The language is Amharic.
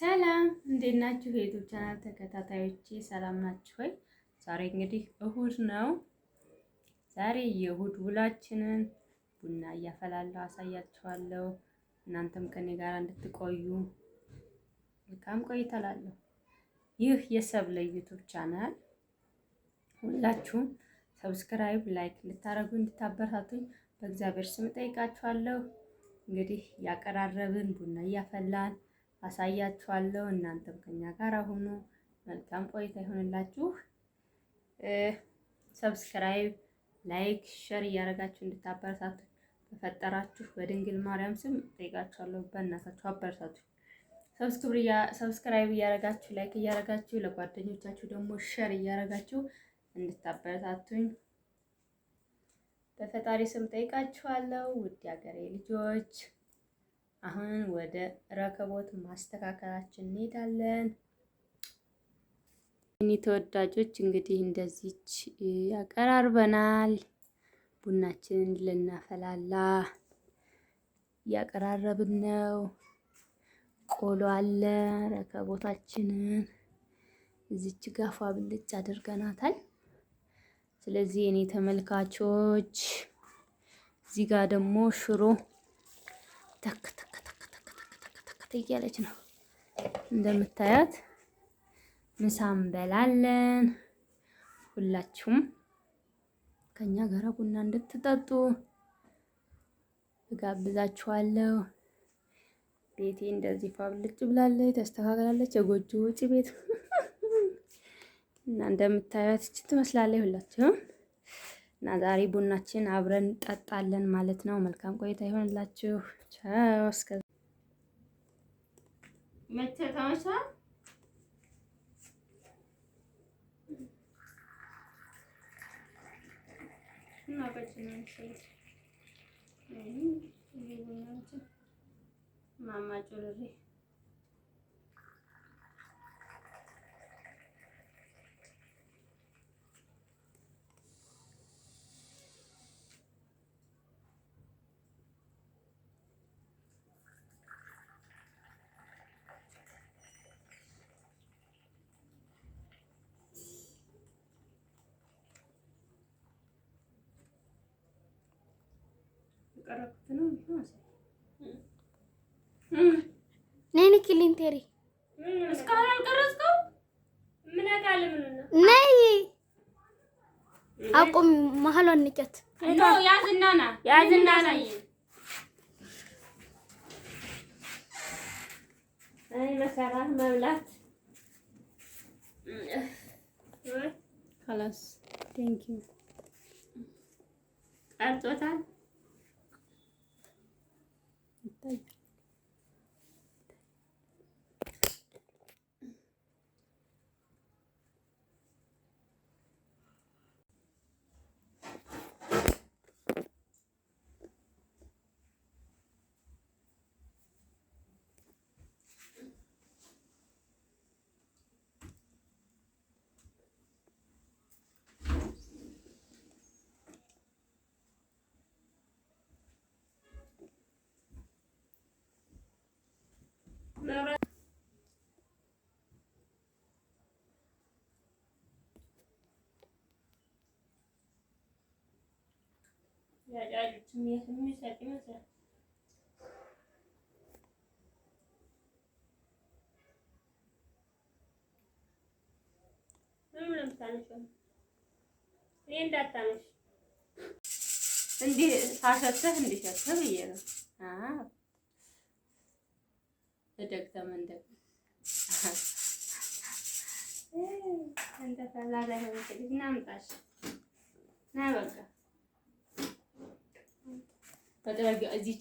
ሰላም እንዴት ናችሁ? የዩቱብ ቻናል ተከታታዮቼ ሰላም ናችሁ ወይ? ዛሬ እንግዲህ እሁድ ነው። ዛሬ የእሁድ ውላችንን ቡና እያፈላለሁ አሳያችኋለሁ። እናንተም ከኔ ጋር እንድትቆዩ መልካም ቆይታ እላለሁ። ይህ የሰብለ ዩቱብ ቻናል ሁላችሁም ሰብስክራይብ፣ ላይክ እንድታደርጉ እንድታበረታቱኝ በእግዚአብሔር ስም ጠይቃችኋለሁ። እንግዲህ ያቀራረብን ቡና እያፈላን አሳያችኋለሁ። እናንተም ከኛ ጋር ሁኑ። መልካም ቆይታ ይሆንላችሁ። ሰብስክራይብ፣ ላይክ፣ ሸር እያደረጋችሁ እንድታበረታቱ በፈጠራችሁ በድንግል ማርያም ስም ጠይቃችኋለሁ። በእናታችሁ አበረታቱ። ሰብስክራይብ እያደረጋችሁ ላይክ እያደረጋችሁ ለጓደኞቻችሁ ደግሞ ሸር እያደረጋችሁ እንድታበረታቱኝ በፈጣሪ ስም ጠይቃችኋለሁ። ውድ ሀገሬ ልጆች አሁን ወደ ረከቦት ማስተካከላችን እንሄዳለን። እኒ ተወዳጆች እንግዲህ እንደዚች ያቀራርበናል። ቡናችንን ልናፈላላ እያቀራረብን ነው። ቆሎ አለ። ረከቦታችንን እዚች ጋፋ ብልጭ አድርገናታል። ስለዚህ እኔ ተመልካቾች እዚህ ጋር ደግሞ ሽሮ ተክ ተክ ተክ ተክ ተክ እያለች ነው እንደምታያት። ምሳ እንበላለን። ሁላችሁም ከኛ ጋራ ቡና እንድትጠጡ እጋብዛችኋለሁ። ቤቴ እንደዚህ ፋብልጭ ብላለች፣ ተስተካክላለች። የጎጆ ውጭ ቤት እና እንደምታያት እቺ ትመስላለች ሁላችሁም እና ዛሬ ቡናችን አብረን እንጠጣለን ማለት ነው። መልካም ቆይታ ይሆንላችሁ። ቻው እስከ መቼ ተመሳ እየቀረኩት ነው። ነይ ልኪልኝ ቴሪ። እስካሁን አልቀረጽከው። ምን ያውቃል? ምን ነይ አቁም። መሀሏን ንጨት ያዝና ና ያዝና ና መሰራት መብላት ላስ ቴንኪው ቀርጾታል። 对。ያጫጩት ስሜት የሚሰጥ ይመስላል። ምንም ለምታነሺው እኔ እንዳታነሺ እንዲህ ሳሸተህ እንዲሸተህ ነው። እደግተህ ና በቃ ተጠረገ እዚህ